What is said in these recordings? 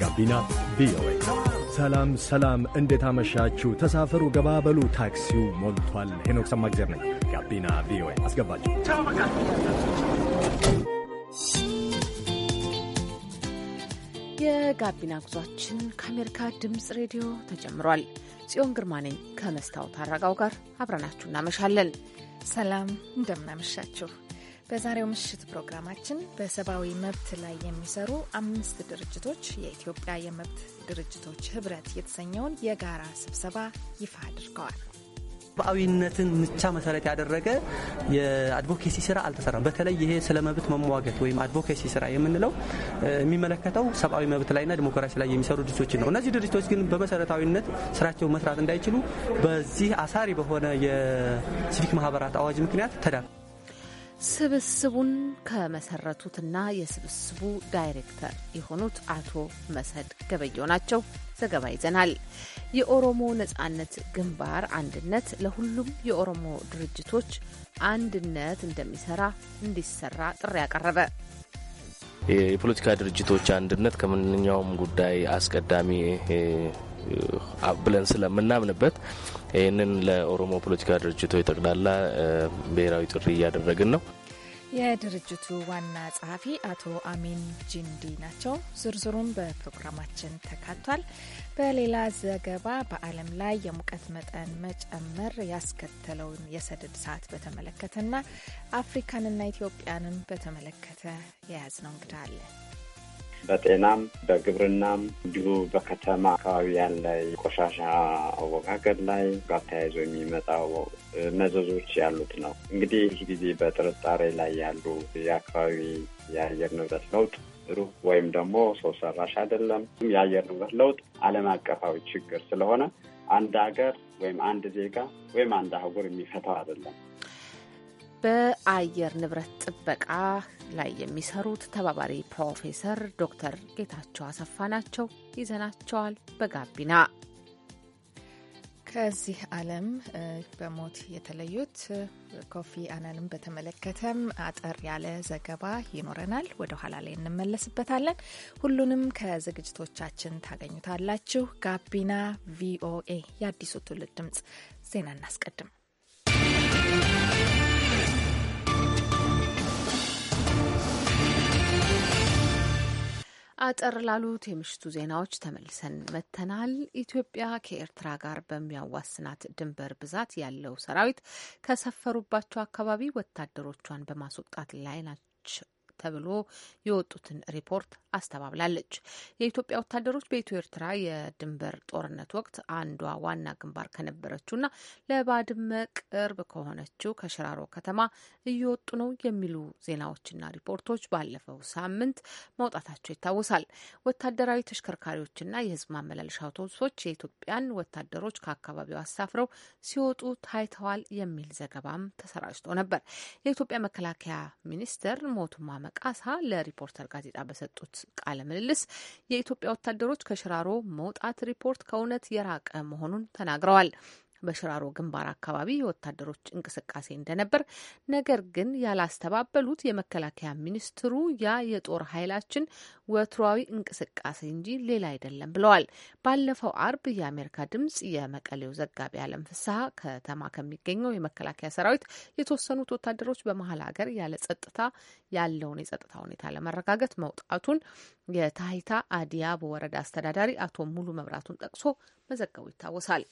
ጋቢና ቪኦኤ። ሰላም ሰላም፣ እንዴት አመሻችሁ? ተሳፈሩ፣ ገባበሉ፣ ታክሲው ሞልቷል። ሄኖክ ሰማግዜር ነኝ። ጋቢና ቪኦኤ አስገባችሁ። የጋቢና ጉዟችን ከአሜሪካ ድምፅ ሬዲዮ ተጀምሯል። ጽዮን ግርማ ነኝ ከመስታወት አረጋው ጋር አብረናችሁ እናመሻለን። ሰላም እንደምናመሻችሁ በዛሬው ምሽት ፕሮግራማችን በሰብአዊ መብት ላይ የሚሰሩ አምስት ድርጅቶች የኢትዮጵያ የመብት ድርጅቶች ህብረት የተሰኘውን የጋራ ስብሰባ ይፋ አድርገዋል። ሰብአዊነትን ምቻ መሰረት ያደረገ የአድቮኬሲ ስራ አልተሰራም። በተለይ ይሄ ስለ መብት መሟገት ወይም አድቮኬሲ ስራ የምንለው የሚመለከተው ሰብአዊ መብት ላይና ዲሞክራሲ ላይ የሚሰሩ ድርጅቶችን ነው። እነዚህ ድርጅቶች ግን በመሰረታዊነት ስራቸውን መስራት እንዳይችሉ በዚህ አሳሪ በሆነ የሲቪክ ማህበራት አዋጅ ምክንያት ተዳፍ ስብስቡን ከመሰረቱትና የስብስቡ ዳይሬክተር የሆኑት አቶ መሰድ ገበየው ናቸው። ዘገባ ይዘናል። የኦሮሞ ነጻነት ግንባር አንድነት ለሁሉም የኦሮሞ ድርጅቶች አንድነት እንደሚሰራ እንዲሰራ ጥሪ ያቀረበ የፖለቲካ ድርጅቶች አንድነት ከማንኛውም ጉዳይ አስቀዳሚ ብለን ስለምናምንበት ይህንን ለኦሮሞ ፖለቲካ ድርጅቶች ጠቅላላ ብሔራዊ ጥሪ እያደረግን ነው። የድርጅቱ ዋና ጸሐፊ አቶ አሚን ጂንዲ ናቸው። ዝርዝሩም በፕሮግራማችን ተካቷል። በሌላ ዘገባ በዓለም ላይ የሙቀት መጠን መጨመር ያስከተለውን የሰደድ ሰዓት በተመለከተና አፍሪካንና ኢትዮጵያንም በተመለከተ የያዝነው እንግዳ አለ። በጤናም በግብርናም እንዲሁ በከተማ አካባቢ ያለ ቆሻሻ አወጋገድ ላይ ጋር ተያይዞ የሚመጣው መዘዞች ያሉት ነው። እንግዲህ ይህ ጊዜ በጥርጣሬ ላይ ያሉ የአካባቢ የአየር ንብረት ለውጥ ሩህ ወይም ደግሞ ሰው ሰራሽ አይደለም። የአየር ንብረት ለውጥ ዓለም አቀፋዊ ችግር ስለሆነ አንድ ሀገር ወይም አንድ ዜጋ ወይም አንድ አህጉር የሚፈታው አይደለም። በአየር ንብረት ጥበቃ ላይ የሚሰሩት ተባባሪ ፕሮፌሰር ዶክተር ጌታቸው አሰፋ ናቸው። ይዘናቸዋል በጋቢና ከዚህ ዓለም በሞት የተለዩት ኮፊ አናንም በተመለከተም አጠር ያለ ዘገባ ይኖረናል። ወደ ኋላ ላይ እንመለስበታለን። ሁሉንም ከዝግጅቶቻችን ታገኙታላችሁ። ጋቢና ቪኦኤ የአዲሱ ትውልድ ድምጽ። ዜና እናስቀድም። አጠር ላሉት የምሽቱ ዜናዎች ተመልሰን መተናል። ኢትዮጵያ ከኤርትራ ጋር በሚያዋስናት ድንበር ብዛት ያለው ሰራዊት ከሰፈሩባቸው አካባቢ ወታደሮቿን በማስወጣት ላይ ናቸው ተብሎ የወጡትን ሪፖርት አስተባብላለች። የኢትዮጵያ ወታደሮች በኢትዮ ኤርትራ የድንበር ጦርነት ወቅት አንዷ ዋና ግንባር ከነበረችውና ለባድመ ቅርብ ከሆነችው ከሽራሮ ከተማ እየወጡ ነው የሚሉ ዜናዎችና ሪፖርቶች ባለፈው ሳምንት መውጣታቸው ይታወሳል። ወታደራዊ ተሽከርካሪዎችና የህዝብ ማመላለሻ አውቶቡሶች የኢትዮጵያን ወታደሮች ከአካባቢው አሳፍረው ሲወጡ ታይተዋል የሚል ዘገባም ተሰራጭቶ ነበር። የኢትዮጵያ መከላከያ ሚኒስቴር ሞቱማ ነቃሳ ለሪፖርተር ጋዜጣ በሰጡት ቃለ ምልልስ የኢትዮጵያ ወታደሮች ከሽራሮ መውጣት ሪፖርት ከእውነት የራቀ መሆኑን ተናግረዋል። በሽራሮ ግንባር አካባቢ የወታደሮች እንቅስቃሴ እንደነበር፣ ነገር ግን ያላስተባበሉት የመከላከያ ሚኒስትሩ ያ የጦር ኃይላችን ወትሯዊ እንቅስቃሴ እንጂ ሌላ አይደለም ብለዋል። ባለፈው አርብ የአሜሪካ ድምጽ የመቀሌው ዘጋቢ አለም ፍስሀ ከተማ ከሚገኘው የመከላከያ ሰራዊት የተወሰኑት ወታደሮች በመሀል ሀገር ያለ ጸጥታ ያለውን የጸጥታ ሁኔታ ለመረጋገጥ መውጣቱን የታይታ አዲያ በወረዳ አስተዳዳሪ አቶ ሙሉ መብራቱን ጠቅሶ መዘገቡ ይታወሳል።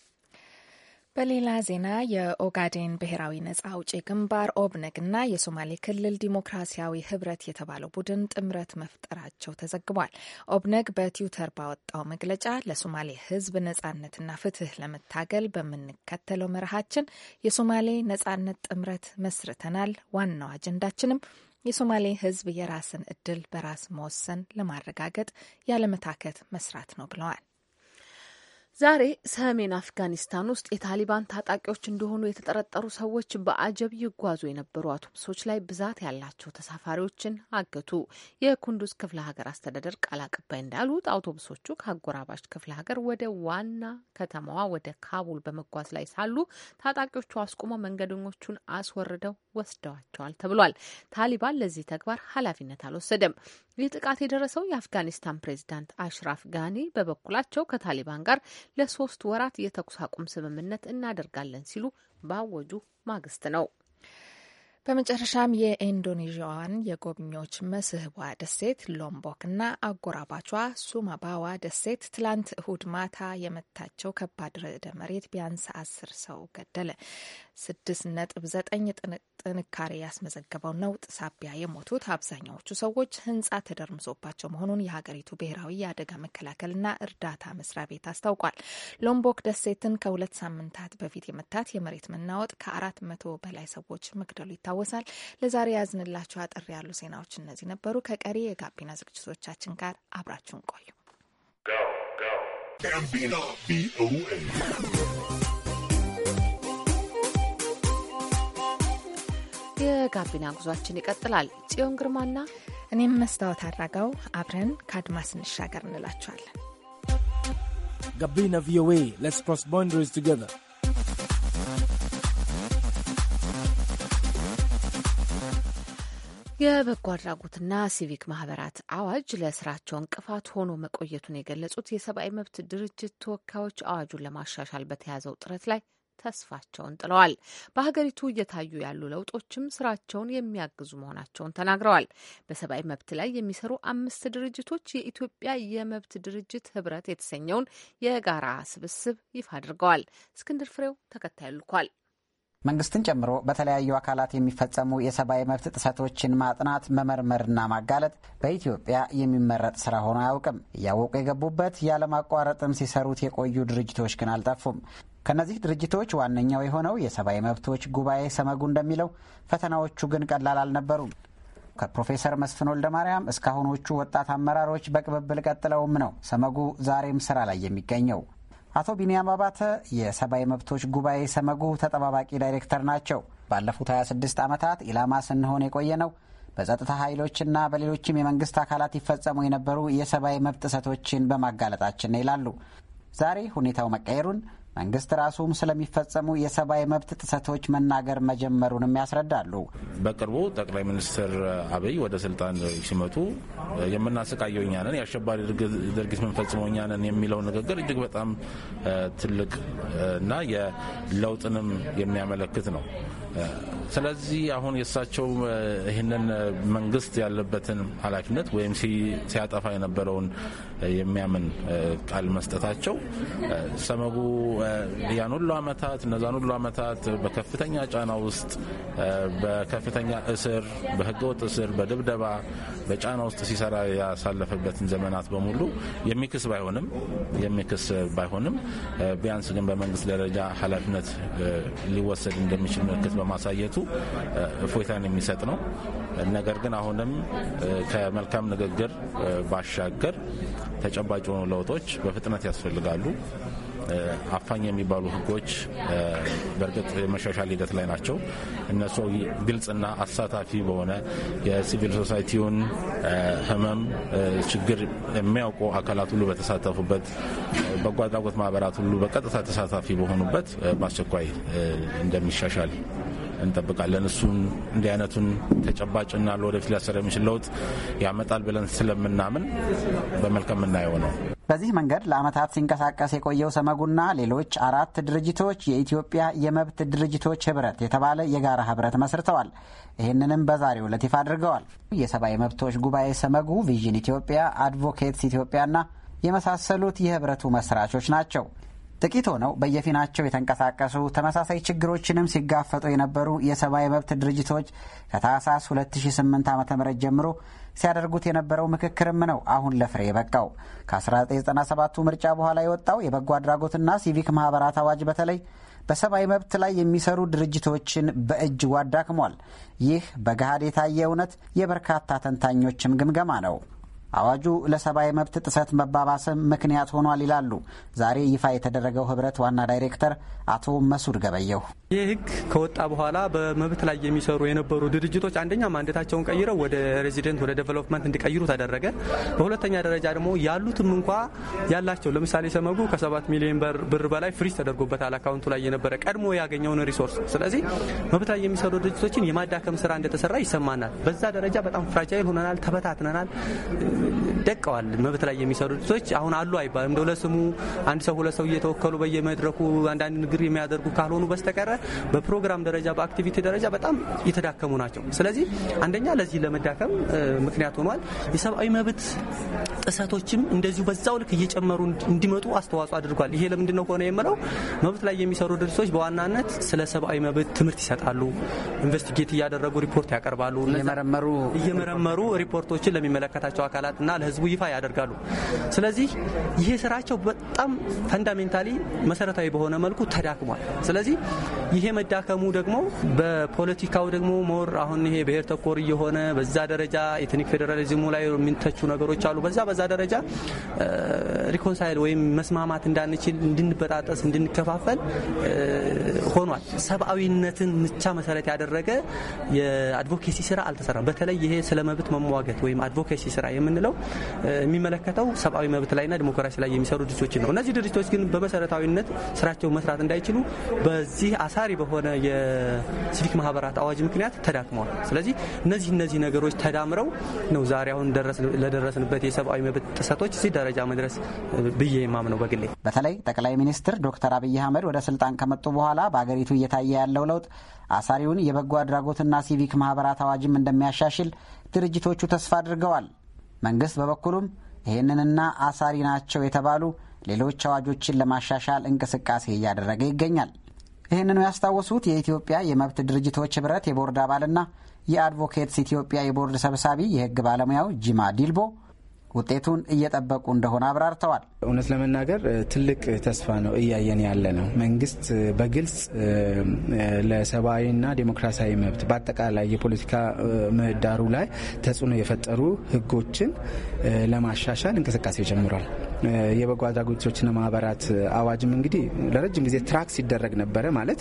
በሌላ ዜና የኦጋዴን ብሔራዊ ነጻ አውጪ ግንባር ኦብነግ እና የሶማሌ ክልል ዲሞክራሲያዊ ህብረት የተባለው ቡድን ጥምረት መፍጠራቸው ተዘግቧል። ኦብነግ በትዊተር ባወጣው መግለጫ ለሶማሌ ህዝብ ነጻነትና ፍትህ ለመታገል በምንከተለው መርሃችን የሶማሌ ነጻነት ጥምረት መስርተናል። ዋናው አጀንዳችንም የሶማሌ ህዝብ የራስን እድል በራስ መወሰን ለማረጋገጥ ያለመታከት መስራት ነው ብለዋል። ዛሬ ሰሜን አፍጋኒስታን ውስጥ የታሊባን ታጣቂዎች እንደሆኑ የተጠረጠሩ ሰዎች በአጀብ ይጓዙ የነበሩ አውቶቡሶች ላይ ብዛት ያላቸው ተሳፋሪዎችን አገቱ። የኩንዱዝ ክፍለ ሀገር አስተዳደር ቃል አቀባይ እንዳሉት አውቶቡሶቹ ከአጎራባች ክፍለ ሀገር ወደ ዋና ከተማዋ ወደ ካቡል በመጓዝ ላይ ሳሉ ታጣቂዎቹ አስቁመው መንገደኞቹን አስወርደው ወስደዋቸዋል ተብሏል። ታሊባን ለዚህ ተግባር ኃላፊነት አልወሰደም። ይህ ጥቃት የደረሰው የአፍጋኒስታን ፕሬዚዳንት አሽራፍ ጋኒ በበኩላቸው ከታሊባን ጋር ለሶስት ወራት የተኩስ አቁም ስምምነት እናደርጋለን ሲሉ ባወጁ ማግስት ነው። በመጨረሻም የኢንዶኔዥያዋን የጎብኚዎች መስህቧ ደሴት ሎምቦክ እና አጎራባቿ ሱማባዋ ደሴት ትላንት እሁድ ማታ የመታቸው ከባድ ርዕደ መሬት ቢያንስ አስር ሰው ገደለ። ስድስት ነጥብ ዘጠኝ ጥንካሬ ያስመዘገበው ነውጥ ሳቢያ የሞቱት አብዛኛዎቹ ሰዎች ህንጻ ተደርምሶባቸው መሆኑን የሀገሪቱ ብሔራዊ የአደጋ መከላከልና እርዳታ መስሪያ ቤት አስታውቋል። ሎምቦክ ደሴትን ከሁለት ሳምንታት በፊት የመታት የመሬት መናወጥ ከአራት መቶ በላይ ሰዎች መግደሉ ይታወቃል። ይታወሳል። ለዛሬ ያዝንላችሁ አጠር ያሉ ዜናዎች እነዚህ ነበሩ። ከቀሪ የጋቢና ዝግጅቶቻችን ጋር አብራችሁን ቆዩ። የጋቢና ጉዟችን ይቀጥላል። ጽዮን ግርማና እኔም መስታወት አድራጋው አብረን ከአድማስ እንሻገር እንላችኋለን። ጋቢና ቪኦኤ ሌትስ ክሮስ ቦንደሪስ ቱጌዘር የበጎ አድራጎትና ሲቪክ ማህበራት አዋጅ ለስራቸው እንቅፋት ሆኖ መቆየቱን የገለጹት የሰብአዊ መብት ድርጅት ተወካዮች አዋጁን ለማሻሻል በተያዘው ጥረት ላይ ተስፋቸውን ጥለዋል። በሀገሪቱ እየታዩ ያሉ ለውጦችም ስራቸውን የሚያግዙ መሆናቸውን ተናግረዋል። በሰብአዊ መብት ላይ የሚሰሩ አምስት ድርጅቶች የኢትዮጵያ የመብት ድርጅት ህብረት የተሰኘውን የጋራ ስብስብ ይፋ አድርገዋል። እስክንድር ፍሬው ተከታይ ልኳል። መንግስትን ጨምሮ በተለያዩ አካላት የሚፈጸሙ የሰብአዊ መብት ጥሰቶችን ማጥናት መመርመርና ማጋለጥ በኢትዮጵያ የሚመረጥ ስራ ሆኖ አያውቅም። እያወቁ የገቡበት ያለማቋረጥም ሲሰሩት የቆዩ ድርጅቶች ግን አልጠፉም። ከእነዚህ ድርጅቶች ዋነኛው የሆነው የሰብአዊ መብቶች ጉባኤ ሰመጉ እንደሚለው ፈተናዎቹ ግን ቀላል አልነበሩም። ከፕሮፌሰር መስፍን ወልደ ማርያም እስካሁኖቹ ወጣት አመራሮች በቅብብል ቀጥለውም ነው ሰመጉ ዛሬም ስራ ላይ የሚገኘው። አቶ ቢንያም አባተ የሰብአዊ መብቶች ጉባኤ ሰመጉ ተጠባባቂ ዳይሬክተር ናቸው። ባለፉት 26 ዓመታት ኢላማ ስንሆን የቆየ ነው በጸጥታ ኃይሎችና በሌሎችም የመንግስት አካላት ይፈጸሙ የነበሩ የሰብአዊ መብት ጥሰቶችን በማጋለጣችን ነው ይላሉ። ዛሬ ሁኔታው መቀየሩን መንግስት ራሱም ስለሚፈጸሙ የሰብአዊ መብት ጥሰቶች መናገር መጀመሩንም ያስረዳሉ። በቅርቡ ጠቅላይ ሚኒስትር አብይ ወደ ስልጣን ሲመጡ የምናሰቃየው እኛ ነን፣ የአሸባሪ ድርጊት የምንፈጽመው እኛ ነን የሚለው ንግግር እጅግ በጣም ትልቅ እና የለውጥንም የሚያመለክት ነው። ስለዚህ አሁን የእሳቸው ይህንን መንግስት ያለበትን ኃላፊነት ወይም ሲያጠፋ የነበረውን የሚያምን ቃል መስጠታቸው ሰመጉ ያን ሁሉ አመታት እነዛን ሁሉ አመታት በከፍተኛ ጫና ውስጥ በከፍተኛ እስር፣ በህገወጥ እስር፣ በድብደባ በጫና ውስጥ ሲሰራ ያሳለፈበትን ዘመናት በሙሉ የሚክስ ባይሆንም የሚክስ ባይሆንም ቢያንስ ግን በመንግስት ደረጃ ኃላፊነት ሊወሰድ እንደሚችል ምልክት በማሳየቱ እፎይታን የሚሰጥ ነው። ነገር ግን አሁንም ከመልካም ንግግር ባሻገር ተጨባጭ የሆኑ ለውጦች በፍጥነት ያስፈልጋሉ። አፋኝ የሚባሉ ህጎች በእርግጥ የመሻሻል ሂደት ላይ ናቸው። እነሱ ግልጽና አሳታፊ በሆነ የሲቪል ሶሳይቲውን ህመም፣ ችግር የሚያውቁ አካላት ሁሉ በተሳተፉበት በጎ አድራጎት ማህበራት ሁሉ በቀጥታ ተሳታፊ በሆኑበት በአስቸኳይ እንደሚሻሻል እንጠብቃለን። እሱን እንዲህ አይነቱን ተጨባጭና ለወደፊት ሊያሰር የሚችል ለውጥ ያመጣል ብለን ስለምናምን በመልካም የምናየው ነው። በዚህ መንገድ ለዓመታት ሲንቀሳቀስ የቆየው ሰመጉና ሌሎች አራት ድርጅቶች የኢትዮጵያ የመብት ድርጅቶች ህብረት የተባለ የጋራ ህብረት መስርተዋል። ይህንንም በዛሬው ዕለት ይፋ አድርገዋል። የሰብአዊ መብቶች ጉባኤ ሰመጉ፣ ቪዥን ኢትዮጵያ፣ አድቮኬትስ ኢትዮጵያና የመሳሰሉት የህብረቱ መስራቾች ናቸው። ጥቂት ሆነው በየፊናቸው የተንቀሳቀሱ ተመሳሳይ ችግሮችንም ሲጋፈጡ የነበሩ የሰብአዊ መብት ድርጅቶች ከታህሳስ 2008 ዓ ም ጀምሮ ሲያደርጉት የነበረው ምክክርም ነው አሁን ለፍሬ የበቃው። ከ1997ቱ ምርጫ በኋላ የወጣው የበጎ አድራጎትና ሲቪክ ማህበራት አዋጅ በተለይ በሰብአዊ መብት ላይ የሚሰሩ ድርጅቶችን በእጅጉ አዳክሟል። ይህ በገሃድ የታየ እውነት የበርካታ ተንታኞችም ግምገማ ነው። አዋጁ ለሰብአዊ መብት ጥሰት መባባስም ምክንያት ሆኗል ይላሉ ዛሬ ይፋ የተደረገው ህብረት ዋና ዳይሬክተር አቶ መሱድ ገበየሁ። ይህ ህግ ከወጣ በኋላ በመብት ላይ የሚሰሩ የነበሩ ድርጅቶች አንደኛ ማንዴታቸውን ቀይረው ወደ ሬዚደንት ወደ ዴቨሎፕመንት እንዲቀይሩ ተደረገ። በሁለተኛ ደረጃ ደግሞ ያሉትም እንኳ ያላቸው ለምሳሌ ሰመጉ ከሰባት ሚሊዮን ብር በላይ ፍሪዝ ተደርጎበታል አካውንቱ ላይ የነበረ ቀድሞ ያገኘውን ሪሶርስ። ስለዚህ መብት ላይ የሚሰሩ ድርጅቶችን የማዳከም ስራ እንደተሰራ ይሰማናል። በዛ ደረጃ በጣም ፍራጃይል ሆነናል፣ ተበታትነናል። ደቀዋል። መብት ላይ የሚሰሩ ድርጅቶች አሁን አሉ አይባልም። እንደው ለስሙ አንድ ሰው ሁለት ሰው እየተወከሉ በየመድረኩ አንዳንድ ንግግር የሚያደርጉ ካልሆኑ በስተቀረ በፕሮግራም ደረጃ በአክቲቪቲ ደረጃ በጣም የተዳከሙ ናቸው። ስለዚህ አንደኛ ለዚህ ለመዳከም ምክንያት ሆኗል። የሰብአዊ መብት ጥሰቶችም እንደዚሁ በዛው ልክ እየጨመሩ እንዲመጡ አስተዋጽኦ አድርጓል። ይሄ ለምንድን ነው ከሆነ የምለው መብት ላይ የሚሰሩ ድርጅቶች በዋናነት ስለ ሰብአዊ መብት ትምህርት ይሰጣሉ፣ ኢንቨስቲጌት እያደረጉ ሪፖርት ያቀርባሉ፣ እየመረመሩ ሪፖርቶችን ለሚመለከታቸው አካላት አካላትና ለህዝቡ ይፋ ያደርጋሉ። ስለዚህ ይሄ ስራቸው በጣም ፈንዳሜንታሊ መሰረታዊ በሆነ መልኩ ተዳክሟል። ስለዚህ ይሄ መዳከሙ ደግሞ በፖለቲካው ደግሞ ሞር አሁን ይሄ ብሔር ተኮር እየሆነ በዛ ደረጃ ኤትኒክ ፌዴራሊዝሙ ላይ የሚንተቹ ነገሮች አሉ። በዛ በዛ ደረጃ ሪኮንሳይል ወይም መስማማት እንዳንችል፣ እንድንበጣጠስ፣ እንድንከፋፈል ሆኗል። ሰብአዊነትን ብቻ መሰረት ያደረገ የአድቮኬሲ ስራ አልተሰራም። በተለይ ይሄ ስለ መብት መሟገት ወይም አድቮኬሲ ስራ የምን የምንለው የሚመለከተው ሰብአዊ መብት ላይና ዲሞክራሲ ላይ የሚሰሩ ድርጅቶችን ነው። እነዚህ ድርጅቶች ግን በመሰረታዊነት ስራቸው መስራት እንዳይችሉ በዚህ አሳሪ በሆነ የሲቪክ ማህበራት አዋጅ ምክንያት ተዳክመዋል። ስለዚህ እነዚህ እነዚህ ነገሮች ተዳምረው ነው ዛሬ አሁን ለደረስንበት የሰብአዊ መብት ጥሰቶች እዚህ ደረጃ መድረስ ብዬ የማምነው በግሌ። በተለይ ጠቅላይ ሚኒስትር ዶክተር አብይ አህመድ ወደ ስልጣን ከመጡ በኋላ በአገሪቱ እየታየ ያለው ለውጥ አሳሪውን የበጎ አድራጎትና ሲቪክ ማህበራት አዋጅም እንደሚያሻሽል ድርጅቶቹ ተስፋ አድርገዋል። መንግስት በበኩሉም ይህንንና አሳሪ ናቸው የተባሉ ሌሎች አዋጆችን ለማሻሻል እንቅስቃሴ እያደረገ ይገኛል። ይህንኑ ያስታወሱት የኢትዮጵያ የመብት ድርጅቶች ኅብረት የቦርድ አባልና የአድቮኬትስ ኢትዮጵያ የቦርድ ሰብሳቢ የህግ ባለሙያው ጂማ ዲልቦ ውጤቱን እየጠበቁ እንደሆነ አብራርተዋል። እውነት ለመናገር ትልቅ ተስፋ ነው እያየን ያለ ነው። መንግስት በግልጽ ለሰብአዊና ዴሞክራሲያዊ መብት በአጠቃላይ የፖለቲካ ምህዳሩ ላይ ተጽዕኖ የፈጠሩ ህጎችን ለማሻሻል እንቅስቃሴ ጀምሯል። የበጎ አድራጎቶችና ማህበራት አዋጅም እንግዲህ ለረጅም ጊዜ ትራክ ሲደረግ ነበረ። ማለት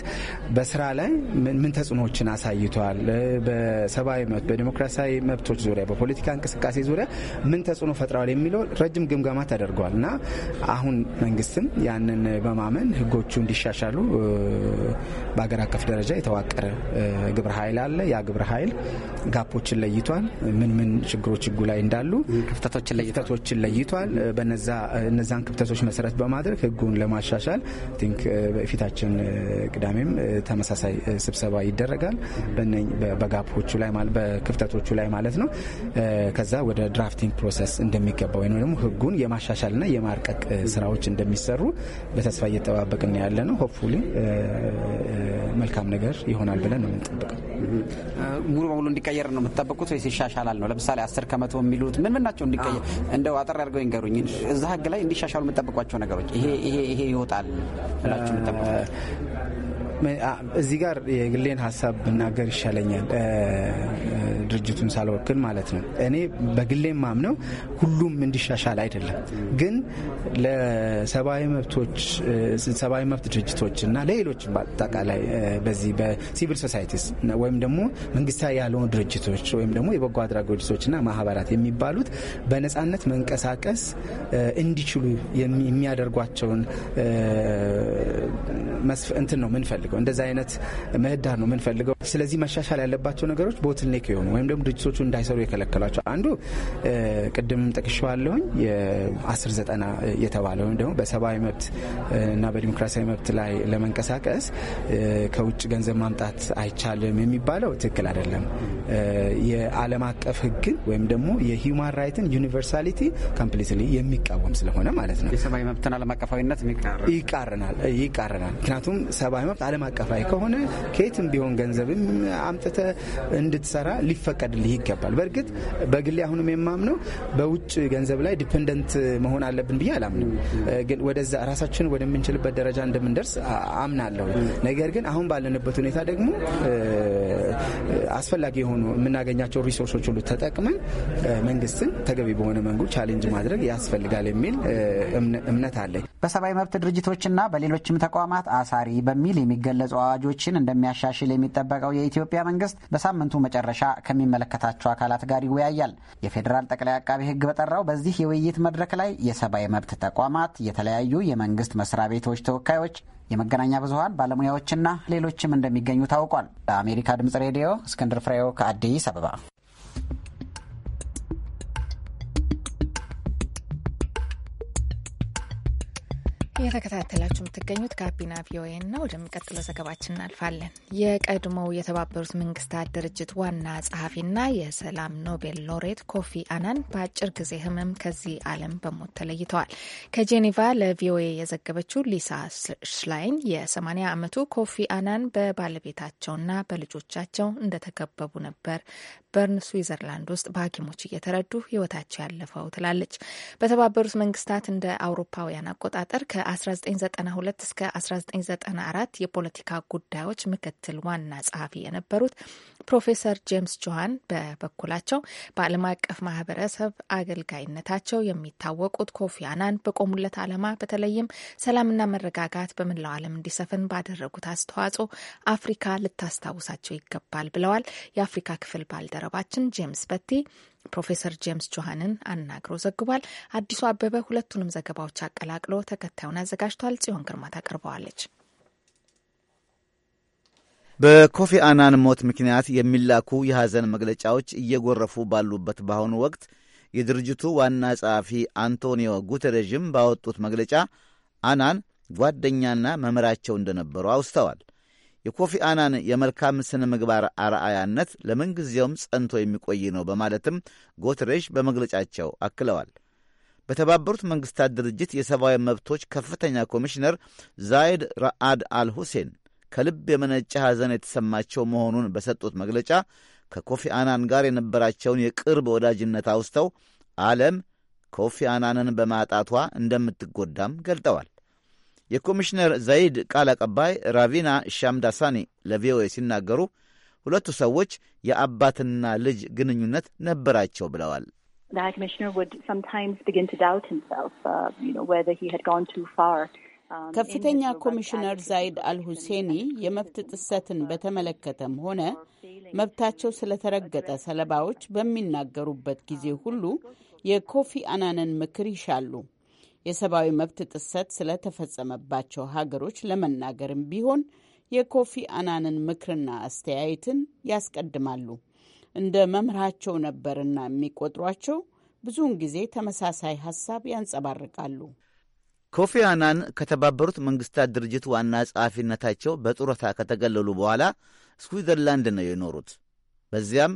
በስራ ላይ ምን ተጽዕኖዎችን አሳይቷል፣ በሰብአዊ መብት፣ በዴሞክራሲያዊ መብቶች ዙሪያ፣ በፖለቲካ እንቅስቃሴ ዙሪያ ምን ተጽዕኖ ፈጥረዋል የሚለው ረጅም ግምገማ ተደርገዋል እና አሁን መንግስትም ያንን በማመን ህጎቹ እንዲሻሻሉ በሀገር አቀፍ ደረጃ የተዋቀረ ግብረ ኃይል አለ። ያ ግብረ ኃይል ጋፖችን ለይቷል። ምን ምን ችግሮች ህጉ ላይ እንዳሉ ክፍተቶችን ለይቷል። እነዛን ክፍተቶች መሰረት በማድረግ ህጉን ለማሻሻል ቲንክ በፊታችን ቅዳሜም ተመሳሳይ ስብሰባ ይደረጋል በጋፖቹ ላይ በክፍተቶቹ ላይ ማለት ነው። ከዛ ወደ ድራፍቲንግ ፕሮሰስ እንደሚገባ ወይም ደግሞ ህጉን የማሻሻልና የማርቀቅ ስራዎች እንደሚሰሩ በተስፋ እየጠባበቅን ያለ ነው። ሆፕፉሊ uh, uh, መልካም ነገር ይሆናል ብለን ነው የምንጠብቀው። ሙሉ በሙሉ እንዲቀየር ነው የምትጠብቁት ወይስ ይሻሻላል ነው? ለምሳሌ አስር ከመቶ የሚሉት ምን ምን ናቸው? እንዲቀየር እንደው አጠር አድርገው ይንገሩኝ። እዛ ህግ ላይ እንዲሻሻሉ የምጠብቋቸው ነገሮች ይሄ ይሄ ይወጣል ብላችሁ የምጠብቁት uh, እዚህ ጋር የግሌን ሀሳብ ብናገር ይሻለኛል። ድርጅቱን ሳልወክል ማለት ነው። እኔ በግሌ ማምነው ሁሉም እንዲሻሻል አይደለም፣ ግን ለሰብአዊ መብቶች ሰብአዊ መብት ድርጅቶች እና ለሌሎች በአጠቃላይ በዚህ በሲቪል ሶሳይቲስ ወይም ደግሞ መንግስታዊ ያልሆኑ ድርጅቶች ወይም ደግሞ የበጎ አድራጎት ድርጅቶችና ማህበራት የሚባሉት በነጻነት መንቀሳቀስ እንዲችሉ የሚያደርጓቸውን እንትን ነው ምንፈልገው። እንደዚ አይነት ምህዳር ነው ምንፈልገው። ስለዚህ መሻሻል ያለባቸው ነገሮች ቦትልኔክ የሆኑ ወይም ደግሞ ድርጅቶቹ እንዳይሰሩ የከለከሏቸው አንዱ ቅድም ጠቅሸዋለሁኝ የአስር ዘጠና የተባለ ወይም ደግሞ በሰብአዊ መብት እና በዲሞክራሲያዊ መብት ላይ ለመንቀሳቀስ ከውጭ ገንዘብ ማምጣት አይቻልም የሚባለው ትክክል አይደለም። የዓለም አቀፍ ሕግን ወይም ደግሞ የሂውማን ራይትን ዩኒቨርሳሊቲ ኮምፕሊትሊ የሚቃወም ስለሆነ ማለት ነው የሰብአዊ መብትን ዓለም አቀፋዊነት ይቃረናል ይቃረናል። ምክንያቱም ሰብአዊ መብት ዓለም አቀፋዊ ከሆነ ከየትም ቢሆን ገንዘብ ምንም አምጥተ እንድትሰራ ሊፈቀድልህ ይገባል። በእርግጥ በግሌ አሁንም የማምነው በውጭ ገንዘብ ላይ ዲፐንደንት መሆን አለብን ብዬ አላምንም። ግን ወደዛ ራሳችን ወደምንችልበት ደረጃ እንደምንደርስ አምናለሁ። ነገር ግን አሁን ባለንበት ሁኔታ ደግሞ አስፈላጊ የሆኑ የምናገኛቸው ሪሶርሶች ሁሉ ተጠቅመን መንግስትን ተገቢ በሆነ መንገድ ቻሌንጅ ማድረግ ያስፈልጋል የሚል እምነት አለ። በሰብአዊ መብት ድርጅቶችና በሌሎችም ተቋማት አሳሪ በሚል የሚገለጹ አዋጆችን እንደሚያሻሽል የሚጠበቀው የሚመራው የኢትዮጵያ መንግስት በሳምንቱ መጨረሻ ከሚመለከታቸው አካላት ጋር ይወያያል። የፌዴራል ጠቅላይ አቃቢ ህግ በጠራው በዚህ የውይይት መድረክ ላይ የሰብአዊ መብት ተቋማት፣ የተለያዩ የመንግስት መስሪያ ቤቶች ተወካዮች፣ የመገናኛ ብዙሀን ባለሙያዎችና ሌሎችም እንደሚገኙ ታውቋል። ለአሜሪካ ድምጽ ሬዲዮ እስክንድር ፍሬው ከአዲስ አበባ እየተከታተላችሁ የምትገኙት ጋቢና ቪኦኤን ነው። ወደሚቀጥለው ዘገባችን እናልፋለን። የቀድሞው የተባበሩት መንግስታት ድርጅት ዋና ጸሐፊና የሰላም ኖቤል ሎሬት ኮፊ አናን በአጭር ጊዜ ህመም ከዚህ ዓለም በሞት ተለይተዋል። ከጄኔቫ ለቪኦኤ የዘገበችው ሊሳ ሽላይን የ80 ዓመቱ ኮፊ አናን በባለቤታቸውና በልጆቻቸው እንደተከበቡ ነበር በርን ስዊዘርላንድ ውስጥ በሐኪሞች እየተረዱ ህይወታቸው ያለፈው ትላለች። በተባበሩት መንግስታት እንደ አውሮፓውያን አቆጣጠር ከ 1992 እስከ 1994 የፖለቲካ ጉዳዮች ምክትል ዋና ጸሐፊ የነበሩት ፕሮፌሰር ጄምስ ጆሃን በበኩላቸው በዓለም አቀፍ ማህበረሰብ አገልጋይነታቸው የሚታወቁት ኮፊ አናን በቆሙለት ዓላማ በተለይም ሰላምና መረጋጋት በመላው ዓለም እንዲሰፍን ባደረጉት አስተዋጽኦ አፍሪካ ልታስታውሳቸው ይገባል ብለዋል። የአፍሪካ ክፍል ባልደረባችን ጄምስ በቲ ፕሮፌሰር ጄምስ ጆሃንን አናግሮ ዘግቧል። አዲሱ አበበ ሁለቱንም ዘገባዎች አቀላቅሎ ተከታዩን አዘጋጅቷል። ጽዮን ግርማ ታቀርበዋለች። በኮፊ አናን ሞት ምክንያት የሚላኩ የሐዘን መግለጫዎች እየጎረፉ ባሉበት በአሁኑ ወቅት የድርጅቱ ዋና ጸሐፊ አንቶኒዮ ጉተረዥም ባወጡት መግለጫ አናን ጓደኛና መምህራቸው እንደነበሩ አውስተዋል። የኮፊ አናን የመልካም ስነ ምግባር አርአያነት ለምንጊዜውም ጸንቶ የሚቆይ ነው በማለትም ጎትሬሽ በመግለጫቸው አክለዋል። በተባበሩት መንግሥታት ድርጅት የሰብአዊ መብቶች ከፍተኛ ኮሚሽነር ዛይድ ራአድ አል ሁሴን ከልብ የመነጨ ሐዘን የተሰማቸው መሆኑን በሰጡት መግለጫ ከኮፊ አናን ጋር የነበራቸውን የቅርብ ወዳጅነት አውስተው ዓለም ኮፊ አናንን በማጣቷ እንደምትጎዳም ገልጠዋል። የኮሚሽነር ዘይድ ቃል አቀባይ ራቪና ሻምዳሳኒ ለቪኦኤ ሲናገሩ ሁለቱ ሰዎች የአባትና ልጅ ግንኙነት ነበራቸው ብለዋል። uh, um, ከፍተኛ ኮሚሽነር ዛይድ አልሁሴኒ የመብት ጥሰትን በተመለከተም ሆነ መብታቸው ስለተረገጠ ሰለባዎች በሚናገሩበት ጊዜ ሁሉ የኮፊ አናንን ምክር ይሻሉ። የሰብአዊ መብት ጥሰት ስለተፈጸመባቸው ሀገሮች ለመናገርም ቢሆን የኮፊ አናንን ምክርና አስተያየትን ያስቀድማሉ። እንደ መምህራቸው ነበርና የሚቆጥሯቸው ብዙውን ጊዜ ተመሳሳይ ሀሳብ ያንጸባርቃሉ። ኮፊ አናን ከተባበሩት መንግስታት ድርጅት ዋና ጸሐፊነታቸው በጡረታ ከተገለሉ በኋላ ስዊዘርላንድ ነው የኖሩት። በዚያም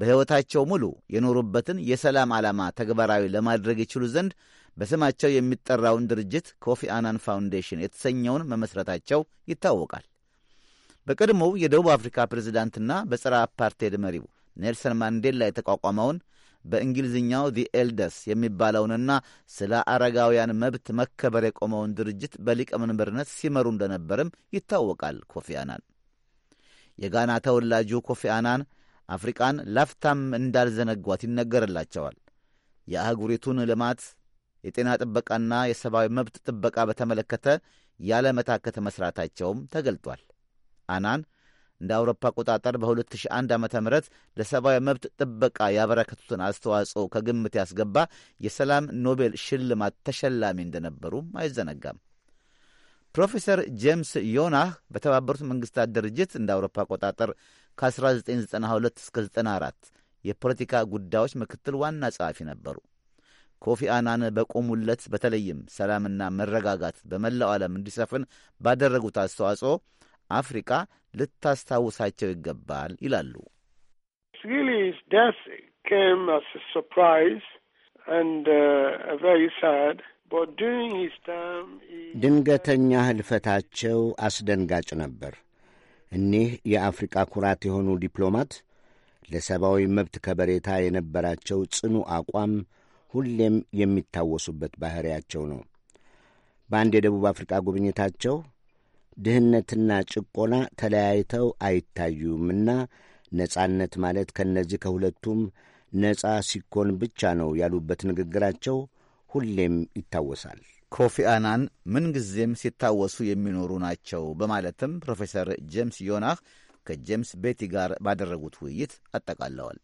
በሕይወታቸው ሙሉ የኖሩበትን የሰላም ዓላማ ተግባራዊ ለማድረግ ይችሉ ዘንድ በስማቸው የሚጠራውን ድርጅት ኮፊ አናን ፋውንዴሽን የተሰኘውን መመስረታቸው ይታወቃል። በቀድሞው የደቡብ አፍሪካ ፕሬዝዳንትና በጸረ አፓርቴድ መሪው ኔልሰን ማንዴላ የተቋቋመውን በእንግሊዝኛው ዲ ኤልደስ የሚባለውንና ስለ አረጋውያን መብት መከበር የቆመውን ድርጅት በሊቀመንበርነት ሲመሩ እንደነበርም ይታወቃል። ኮፊ አናን የጋና ተወላጁ ኮፊ አናን አፍሪቃን ላፍታም እንዳልዘነጓት ይነገርላቸዋል። የአህጉሪቱን ልማት የጤና ጥበቃና የሰብአዊ መብት ጥበቃ በተመለከተ ያለ መታከተ መስራታቸውም ተገልጧል። አናን እንደ አውሮፓ አቆጣጠር በ2001 ዓ ም ለሰብአዊ መብት ጥበቃ ያበረከቱትን አስተዋጽኦ ከግምት ያስገባ የሰላም ኖቤል ሽልማት ተሸላሚ እንደነበሩም አይዘነጋም። ፕሮፌሰር ጄምስ ዮናህ በተባበሩት መንግሥታት ድርጅት እንደ አውሮፓ አቆጣጠር ከ1992 እስከ 94 የፖለቲካ ጉዳዮች ምክትል ዋና ጸሐፊ ነበሩ። ኮፊ አናን በቆሙለት በተለይም ሰላምና መረጋጋት በመላው ዓለም እንዲሰፍን ባደረጉት አስተዋጽኦ አፍሪካ ልታስታውሳቸው ይገባል ይላሉ። uh, ድንገተኛ ህልፈታቸው አስደንጋጭ ነበር። እኒህ የአፍሪቃ ኩራት የሆኑ ዲፕሎማት ለሰብአዊ መብት ከበሬታ የነበራቸው ጽኑ አቋም ሁሌም የሚታወሱበት ባሕሪያቸው ነው። በአንድ የደቡብ አፍሪቃ ጉብኝታቸው ድህነትና ጭቆና ተለያይተው አይታዩምና ነጻነት ማለት ከእነዚህ ከሁለቱም ነጻ ሲኮን ብቻ ነው ያሉበት ንግግራቸው ሁሌም ይታወሳል። ኮፊ አናን ምንጊዜም ሲታወሱ የሚኖሩ ናቸው በማለትም ፕሮፌሰር ጄምስ ዮናህ ከጄምስ ቤቲ ጋር ባደረጉት ውይይት አጠቃለዋል።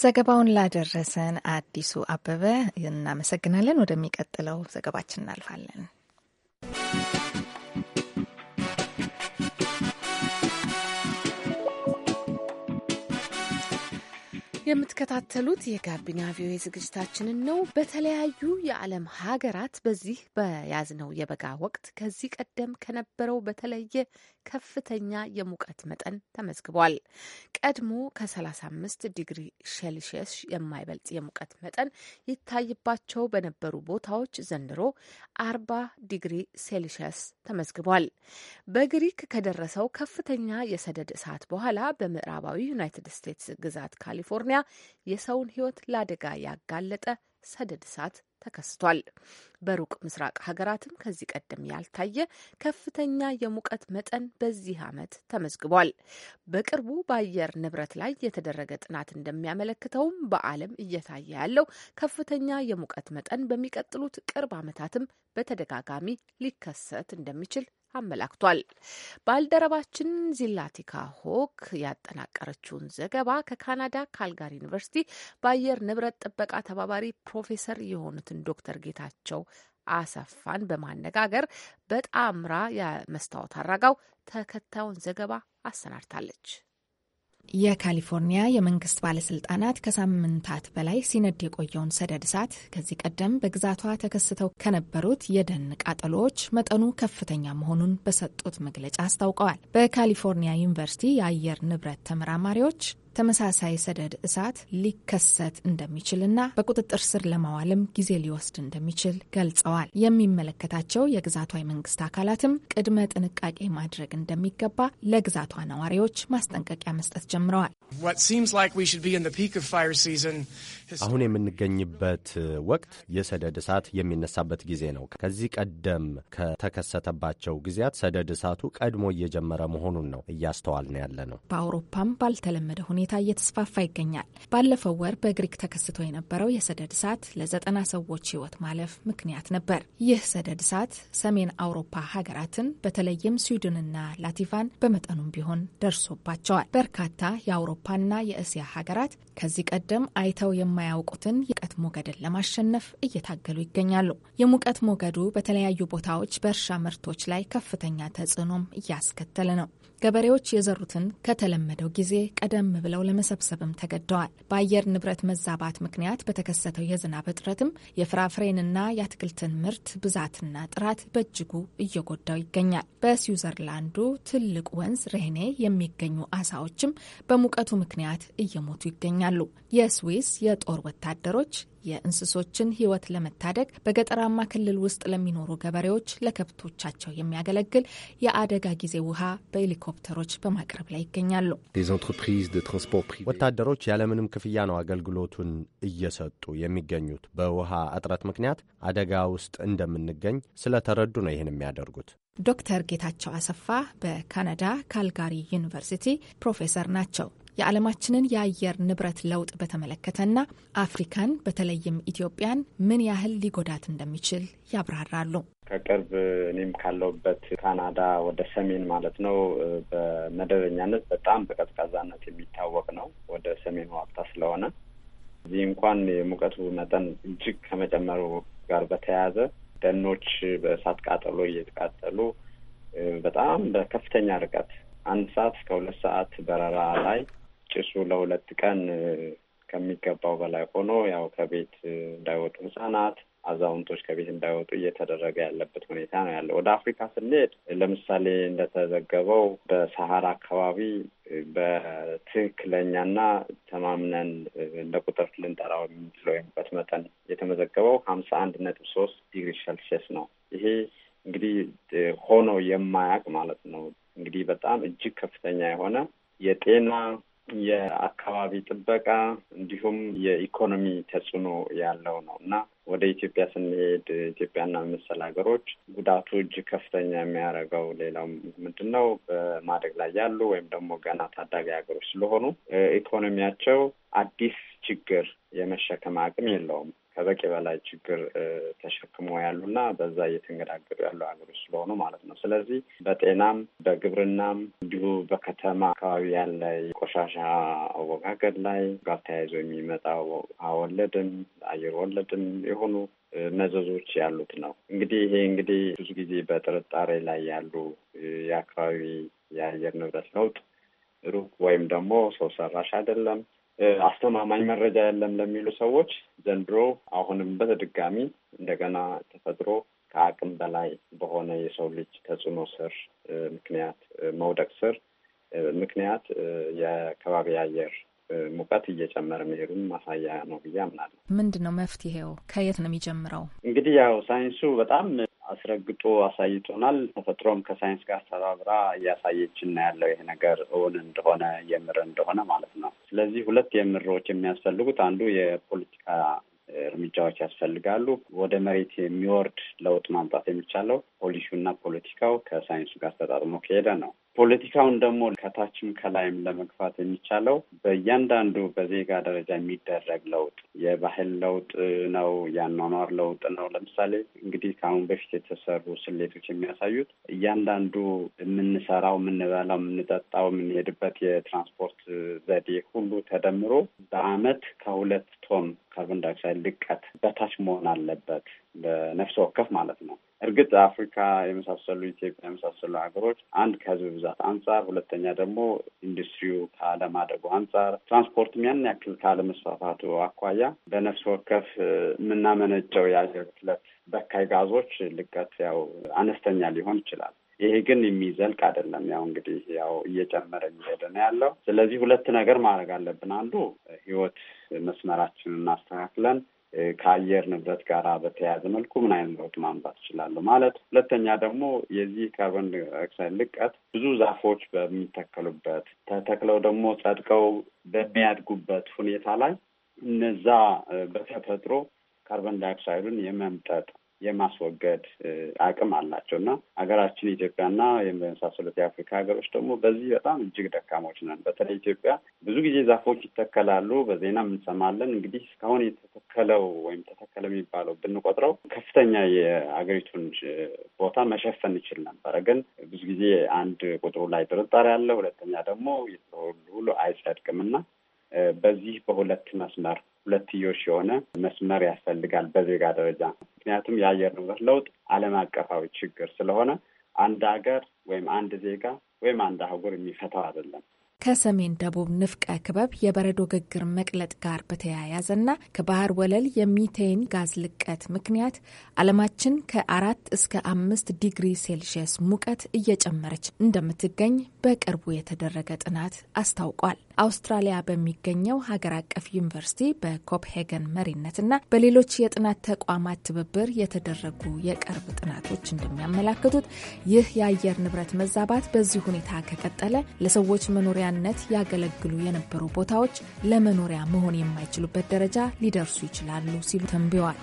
ዘገባውን ላደረሰን አዲሱ አበበ እናመሰግናለን። ወደሚቀጥለው ዘገባችን እናልፋለን። የምትከታተሉት የጋቢና ቪኦኤ ዝግጅታችንን ነው። በተለያዩ የዓለም ሀገራት በዚህ በያዝነው የበጋ ወቅት ከዚህ ቀደም ከነበረው በተለየ ከፍተኛ የሙቀት መጠን ተመዝግቧል። ቀድሞ ከ35 ዲግሪ ሴልሺየስ የማይበልጥ የሙቀት መጠን ይታይባቸው በነበሩ ቦታዎች ዘንድሮ 40 ዲግሪ ሴልሺየስ ተመዝግቧል። በግሪክ ከደረሰው ከፍተኛ የሰደድ እሳት በኋላ በምዕራባዊ ዩናይትድ ስቴትስ ግዛት ካሊፎርኒያ የሰውን ሕይወት ለአደጋ ያጋለጠ ሰደድ እሳት ተከስቷል። በሩቅ ምስራቅ ሀገራትም ከዚህ ቀደም ያልታየ ከፍተኛ የሙቀት መጠን በዚህ ዓመት ተመዝግቧል። በቅርቡ በአየር ንብረት ላይ የተደረገ ጥናት እንደሚያመለክተውም በዓለም እየታየ ያለው ከፍተኛ የሙቀት መጠን በሚቀጥሉት ቅርብ ዓመታትም በተደጋጋሚ ሊከሰት እንደሚችል አመላክቷል። ባልደረባችን ዚላቲካ ሆክ ያጠናቀረችውን ዘገባ ከካናዳ ካልጋሪ ዩኒቨርሲቲ በአየር ንብረት ጥበቃ ተባባሪ ፕሮፌሰር የሆኑትን ዶክተር ጌታቸው አሰፋን በማነጋገር በጣምራ የመስታወት አራጋው ተከታዩን ዘገባ አሰናድታለች። የካሊፎርኒያ የመንግስት ባለስልጣናት ከሳምንታት በላይ ሲነድ የቆየውን ሰደድ እሳት ከዚህ ቀደም በግዛቷ ተከስተው ከነበሩት የደን ቃጠሎዎች መጠኑ ከፍተኛ መሆኑን በሰጡት መግለጫ አስታውቀዋል። በካሊፎርኒያ ዩኒቨርሲቲ የአየር ንብረት ተመራማሪዎች ተመሳሳይ ሰደድ እሳት ሊከሰት እንደሚችልና በቁጥጥር ስር ለማዋልም ጊዜ ሊወስድ እንደሚችል ገልጸዋል። የሚመለከታቸው የግዛቷ የመንግስት አካላትም ቅድመ ጥንቃቄ ማድረግ እንደሚገባ ለግዛቷ ነዋሪዎች ማስጠንቀቂያ መስጠት ጀምረዋል። አሁን የምንገኝበት ወቅት የሰደድ እሳት የሚነሳበት ጊዜ ነው። ከዚህ ቀደም ከተከሰተባቸው ጊዜያት ሰደድ እሳቱ ቀድሞ እየጀመረ መሆኑን ነው እያስተዋልን ያለ ነው። በአውሮፓም ባልተለመደ ሁኔታ ሁኔታ እየተስፋፋ ይገኛል። ባለፈው ወር በግሪክ ተከስቶ የነበረው የሰደድ እሳት ለዘጠና ሰዎች ሕይወት ማለፍ ምክንያት ነበር። ይህ ሰደድ እሳት ሰሜን አውሮፓ ሀገራትን በተለይም ስዊድንና ላቲቫን በመጠኑም ቢሆን ደርሶባቸዋል። በርካታ የአውሮፓና የእስያ ሀገራት ከዚህ ቀደም አይተው የማያውቁትን የሙቀት ሞገድን ለማሸነፍ እየታገሉ ይገኛሉ። የሙቀት ሞገዱ በተለያዩ ቦታዎች በእርሻ ምርቶች ላይ ከፍተኛ ተጽዕኖም እያስከተለ ነው። ገበሬዎች የዘሩትን ከተለመደው ጊዜ ቀደም ብለው ለመሰብሰብም ተገደዋል። በአየር ንብረት መዛባት ምክንያት በተከሰተው የዝናብ እጥረትም የፍራፍሬንና የአትክልትን ምርት ብዛትና ጥራት በእጅጉ እየጎዳው ይገኛል። በስዊዘርላንዱ ትልቅ ወንዝ ሬኔ የሚገኙ አሳዎችም በሙቀቱ ምክንያት እየሞቱ ይገኛሉ። የስዊስ የጦር ወታደሮች የእንስሶችን ሕይወት ለመታደግ በገጠራማ ክልል ውስጥ ለሚኖሩ ገበሬዎች ለከብቶቻቸው የሚያገለግል የአደጋ ጊዜ ውሃ በሄሊኮፕተሮች በማቅረብ ላይ ይገኛሉ። ወታደሮች ያለምንም ክፍያ ነው አገልግሎቱን እየሰጡ የሚገኙት። በውሃ እጥረት ምክንያት አደጋ ውስጥ እንደምንገኝ ስለተረዱ ነው ይህን የሚያደርጉት። ዶክተር ጌታቸው አሰፋ በካናዳ ካልጋሪ ዩኒቨርሲቲ ፕሮፌሰር ናቸው። የዓለማችንን የአየር ንብረት ለውጥ በተመለከተና አፍሪካን በተለይም ኢትዮጵያን ምን ያህል ሊጎዳት እንደሚችል ያብራራሉ። ከቅርብ እኔም ካለውበት ካናዳ ወደ ሰሜን ማለት ነው በመደበኛነት በጣም በቀዝቃዛነት የሚታወቅ ነው። ወደ ሰሜኑ ዋብታ ስለሆነ እዚህ እንኳን የሙቀቱ መጠን እጅግ ከመጨመሩ ጋር በተያያዘ ደኖች በእሳት ቃጠሎ እየተቃጠሉ በጣም በከፍተኛ ርቀት አንድ ሰዓት እስከ ሁለት ሰዓት በረራ ላይ ጭሱ ለሁለት ቀን ከሚገባው በላይ ሆኖ ያው ከቤት እንዳይወጡ ህጻናት፣ አዛውንቶች ከቤት እንዳይወጡ እየተደረገ ያለበት ሁኔታ ነው ያለው። ወደ አፍሪካ ስንሄድ ለምሳሌ እንደተዘገበው በሰሃራ አካባቢ በትክክለኛና ተማምነን እንደ ቁጥር ልንጠራው የምንችለው የሙቀት መጠን የተመዘገበው ሀምሳ አንድ ነጥብ ሶስት ዲግሪ ሴልሲየስ ነው። ይሄ እንግዲህ ሆኖ የማያውቅ ማለት ነው። እንግዲህ በጣም እጅግ ከፍተኛ የሆነ የጤና የአካባቢ ጥበቃ እንዲሁም የኢኮኖሚ ተጽዕኖ ያለው ነው እና ወደ ኢትዮጵያ ስንሄድ ኢትዮጵያና መሰል ሀገሮች ጉዳቱ እጅግ ከፍተኛ የሚያደርገው ሌላው ምንድን ነው? በማደግ ላይ ያሉ ወይም ደግሞ ገና ታዳጊ ሀገሮች ስለሆኑ ኢኮኖሚያቸው አዲስ ችግር የመሸከም አቅም የለውም። ከበቂ በላይ ችግር ተሸክሞ ያሉና በዛ እየተንገዳገዱ ያሉ ሀገሮች ስለሆኑ ማለት ነው። ስለዚህ በጤናም በግብርናም እንዲሁ በከተማ አካባቢ ያለ ቆሻሻ አወጋገድ ላይ ጋር ተያይዞ የሚመጣው አወለድም አየር ወለድም የሆኑ መዘዞች ያሉት ነው። እንግዲህ ይሄ እንግዲህ ብዙ ጊዜ በጥርጣሬ ላይ ያሉ የአካባቢ የአየር ንብረት ለውጥ ሩቅ ወይም ደግሞ ሰው ሰራሽ አይደለም አስተማማኝ መረጃ የለም ለሚሉ ሰዎች ዘንድሮ አሁንም በተደጋሚ እንደገና ተፈጥሮ ከአቅም በላይ በሆነ የሰው ልጅ ተጽዕኖ ስር ምክንያት መውደቅ ስር ምክንያት የከባቢ አየር ሙቀት እየጨመረ መሄዱን ማሳያ ነው ብዬ አምናለሁ። ምንድን ነው መፍትሄው? ከየት ነው የሚጀምረው? እንግዲህ ያው ሳይንሱ በጣም አስረግጦ አሳይቶናል። ተፈጥሮም ከሳይንስ ጋር ተባብራ እያሳየችን ያለው ይሄ ነገር እውን እንደሆነ የምር እንደሆነ ማለት ነው። ስለዚህ ሁለት የምሮች የሚያስፈልጉት አንዱ የፖለቲካ እርምጃዎች ያስፈልጋሉ። ወደ መሬት የሚወርድ ለውጥ ማምጣት የሚቻለው ፖሊሲውና ፖለቲካው ከሳይንሱ ጋር ተጣጥሞ ከሄደ ነው። ፖለቲካውን ደግሞ ከታችም ከላይም ለመግፋት የሚቻለው በእያንዳንዱ በዜጋ ደረጃ የሚደረግ ለውጥ የባህል ለውጥ ነው፣ የአኗኗር ለውጥ ነው። ለምሳሌ እንግዲህ ከአሁን በፊት የተሰሩ ስሌቶች የሚያሳዩት እያንዳንዱ የምንሰራው፣ የምንበላው፣ የምንጠጣው፣ የምንሄድበት የትራንስፖርት ዘዴ ሁሉ ተደምሮ በአመት ከሁለት ቶን ካርቦን ዳይኦክሳይድ ልቀት በታች መሆን አለበት። በነፍስ ወከፍ ማለት ነው። እርግጥ አፍሪካ የመሳሰሉ ኢትዮጵያ የመሳሰሉ ሀገሮች አንድ ከህዝብ ብዛት አንጻር፣ ሁለተኛ ደግሞ ኢንዱስትሪው ካለማደጉ አንጻር፣ ትራንስፖርትም ያን ያክል ካለመስፋፋቱ አኳያ በነፍስ ወከፍ የምናመነጨው የአየር ብክለት በካይ ጋዞች ልቀት ያው አነስተኛ ሊሆን ይችላል። ይሄ ግን የሚዘልቅ አይደለም። ያው እንግዲህ ያው እየጨመረ እየሄደ ነው ያለው። ስለዚህ ሁለት ነገር ማድረግ አለብን። አንዱ ህይወት መስመራችንን እናስተካክለን ከአየር ንብረት ጋር በተያያዘ መልኩ ምን አይነት ለውጥ ማምጣት ይችላሉ ማለት። ሁለተኛ ደግሞ የዚህ ካርቦን ዳይኦክሳይድ ልቀት ብዙ ዛፎች በሚተከሉበት ተተክለው ደግሞ ጸድቀው በሚያድጉበት ሁኔታ ላይ እነዛ በተፈጥሮ ካርቦን ዳይኦክሳይዱን የመምጠጥ የማስወገድ አቅም አላቸው እና ሀገራችን ኢትዮጵያና የመሳሰሉት የአፍሪካ ሀገሮች ደግሞ በዚህ በጣም እጅግ ደካሞች ነን። በተለይ ኢትዮጵያ ብዙ ጊዜ ዛፎች ይተከላሉ፣ በዜና እንሰማለን። እንግዲህ እስካሁን የተተከለው ወይም ተተከለ የሚባለው ብንቆጥረው ከፍተኛ የአገሪቱን ቦታ መሸፈን ይችል ነበረ። ግን ብዙ ጊዜ አንድ ቁጥሩ ላይ ጥርጣሬ አለ፣ ሁለተኛ ደግሞ ሁሉ አይጸድቅም እና በዚህ በሁለት መስመር ሁለትዮሽ የሆነ መስመር ያስፈልጋል በዜጋ ደረጃ ምክንያቱም የአየር ንብረት ለውጥ ዓለም አቀፋዊ ችግር ስለሆነ አንድ ሀገር ወይም አንድ ዜጋ ወይም አንድ አህጉር የሚፈታው አይደለም። ከሰሜን ደቡብ ንፍቀ ክበብ የበረዶ ግግር መቅለጥ ጋር በተያያዘና ከባህር ወለል የሚቴን ጋዝ ልቀት ምክንያት ዓለማችን ከአራት እስከ አምስት ዲግሪ ሴልሺየስ ሙቀት እየጨመረች እንደምትገኝ በቅርቡ የተደረገ ጥናት አስታውቋል። አውስትራሊያ በሚገኘው ሀገር አቀፍ ዩኒቨርሲቲ በኮፕሄገን መሪነትና በሌሎች የጥናት ተቋማት ትብብር የተደረጉ የቅርብ ጥናቶች እንደሚያመላክቱት ይህ የአየር ንብረት መዛባት በዚህ ሁኔታ ከቀጠለ ለሰዎች መኖሪያነት ያገለግሉ የነበሩ ቦታዎች ለመኖሪያ መሆን የማይችሉበት ደረጃ ሊደርሱ ይችላሉ ሲሉ ተንብዋል።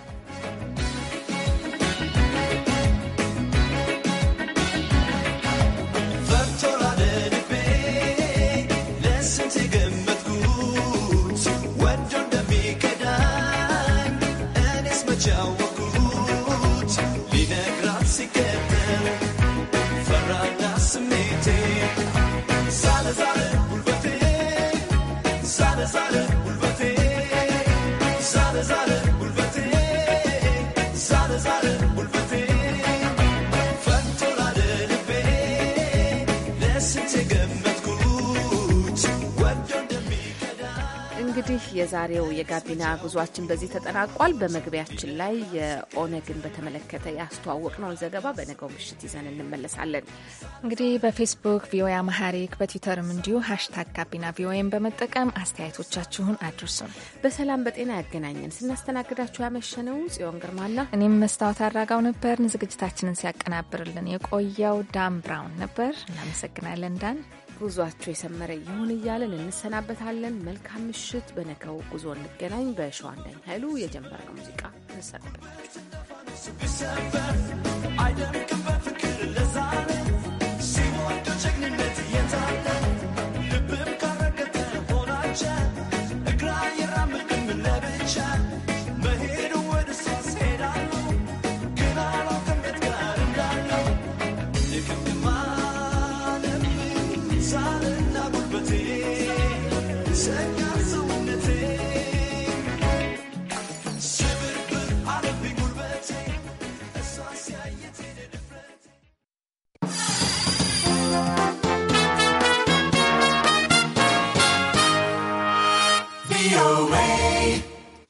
እንግዲህ የዛሬው የጋቢና ጉዟችን በዚህ ተጠናቋል። በመግቢያችን ላይ የኦነግን በተመለከተ ያስተዋወቅነውን ዘገባ በነገው ምሽት ይዘን እንመለሳለን። እንግዲህ በፌስቡክ ቪኦኤ አማሐሪክ በትዊተርም እንዲሁ ሀሽታግ ጋቢና ቪኦኤን በመጠቀም አስተያየቶቻችሁን አድርሱ በሰላም በጤና ያገናኘን። ስናስተናግዳችሁ ያመሸነው ጽዮን ግርማና እኔም መስታወት አድራጋው ነበር ዝግጅታችንን ሲያቀናብርልን የቆየው ዳን ብራውን ነበር። እናመሰግናለን ዳን። ጉዟቸው የሰመረ ይሁን እያለን እንሰናበታለን። መልካም ምሽት። በነገው ጉዞ እንገናኝ። በሸዋንዳኝ ኃይሉ የጀመረ ሙዚቃ እንሰናበታለን።